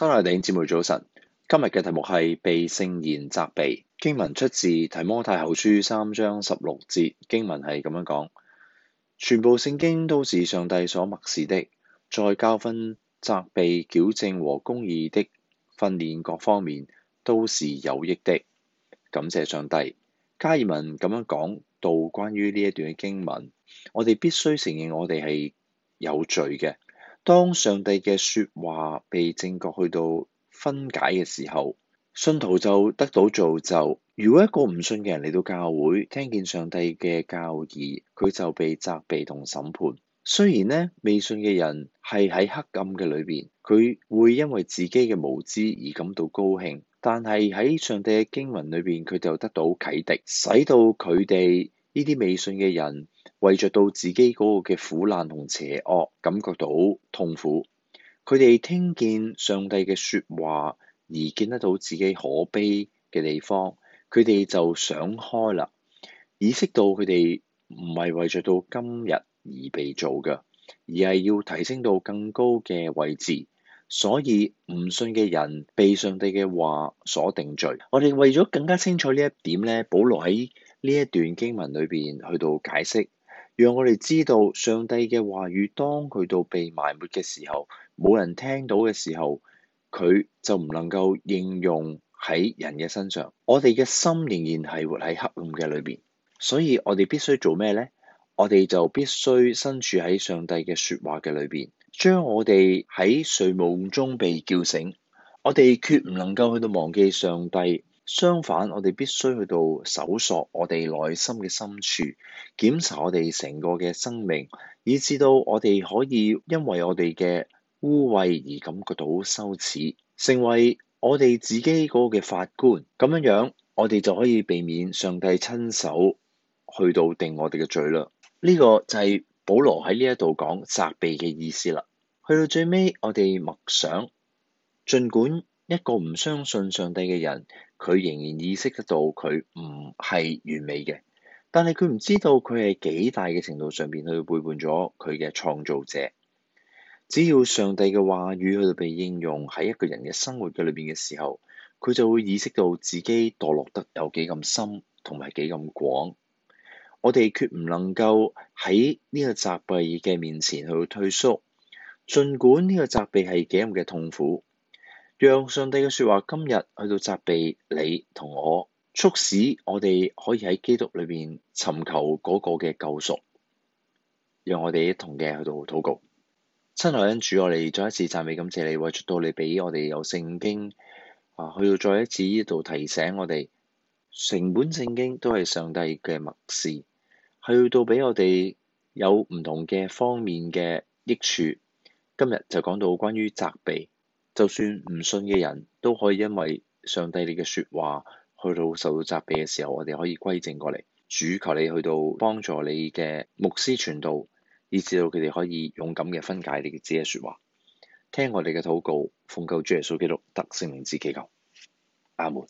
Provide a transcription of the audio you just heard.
親愛的弟兄姊妹，早晨！今日嘅題目係被聖言責備，經文出自提摩太後書三章十六節，經文係咁樣講：全部聖經都是上帝所默示的，在教訓、責備、矯正和公義的訓練各方面，都是有益的。感謝上帝，加爾文咁樣講到關於呢一段嘅經文，我哋必須承認我哋係有罪嘅。當上帝嘅説話被正確去到分解嘅時候，信徒就得到造就。如果一個唔信嘅人嚟到教會，聽見上帝嘅教義，佢就被責備同審判。雖然呢，未信嘅人係喺黑暗嘅裏邊，佢會因為自己嘅無知而感到高興，但係喺上帝嘅經文裏邊，佢就得到啟迪，使到佢哋呢啲未信嘅人。為着到自己嗰個嘅苦難同邪惡，感覺到痛苦，佢哋聽見上帝嘅說話而見得到自己可悲嘅地方，佢哋就想開啦，意識到佢哋唔係為着到今日而被做㗎，而係要提升到更高嘅位置。所以唔信嘅人被上帝嘅話所定罪。我哋為咗更加清楚呢一點咧，保羅喺呢一段經文裏邊去到解釋。讓我哋知道上帝嘅話語，當佢到被埋沒嘅時候，冇人聽到嘅時候，佢就唔能夠應用喺人嘅身上。我哋嘅心仍然係活喺黑暗嘅裏邊，所以我哋必須做咩呢？我哋就必須身處喺上帝嘅說話嘅裏邊，將我哋喺睡夢中被叫醒，我哋決唔能夠去到忘記上帝。相反，我哋必須去到搜索我哋內心嘅深處，檢查我哋成個嘅生命，以至到我哋可以因為我哋嘅污穢而感覺到羞恥，成為我哋自己嗰個嘅法官。咁樣樣，我哋就可以避免上帝親手去到定我哋嘅罪啦。呢個就係保羅喺呢一度講責備嘅意思啦。去到最尾，我哋默想，儘管一個唔相信上帝嘅人。佢仍然意識得到佢唔係完美嘅，但係佢唔知道佢係幾大嘅程度上邊去背叛咗佢嘅創造者。只要上帝嘅話語去到被應用喺一個人嘅生活嘅裏邊嘅時候，佢就會意識到自己墮落得有幾咁深同埋幾咁廣。我哋決唔能夠喺呢個責備嘅面前去退縮，儘管呢個責備係幾咁嘅痛苦。讓上帝嘅說話今日去到責備你同我，促使我哋可以喺基督裏邊尋求嗰個嘅救贖。讓我哋一同嘅去到禱告。親愛嘅主，我哋再一次讚美感謝你，為到你俾我哋有聖經啊，去到再一次呢度提醒我哋，成本聖經都係上帝嘅默示，去到俾我哋有唔同嘅方面嘅益處。今日就講到關於責備。就算唔信嘅人都可以因為上帝你嘅說話，去到受到責備嘅時候，我哋可以歸正過嚟。主求你去到幫助你嘅牧師傳道，以至到佢哋可以勇敢嘅分解你嘅自己嘅說話，聽我哋嘅禱告，奉救主耶穌基督得聖靈之祈求，阿門。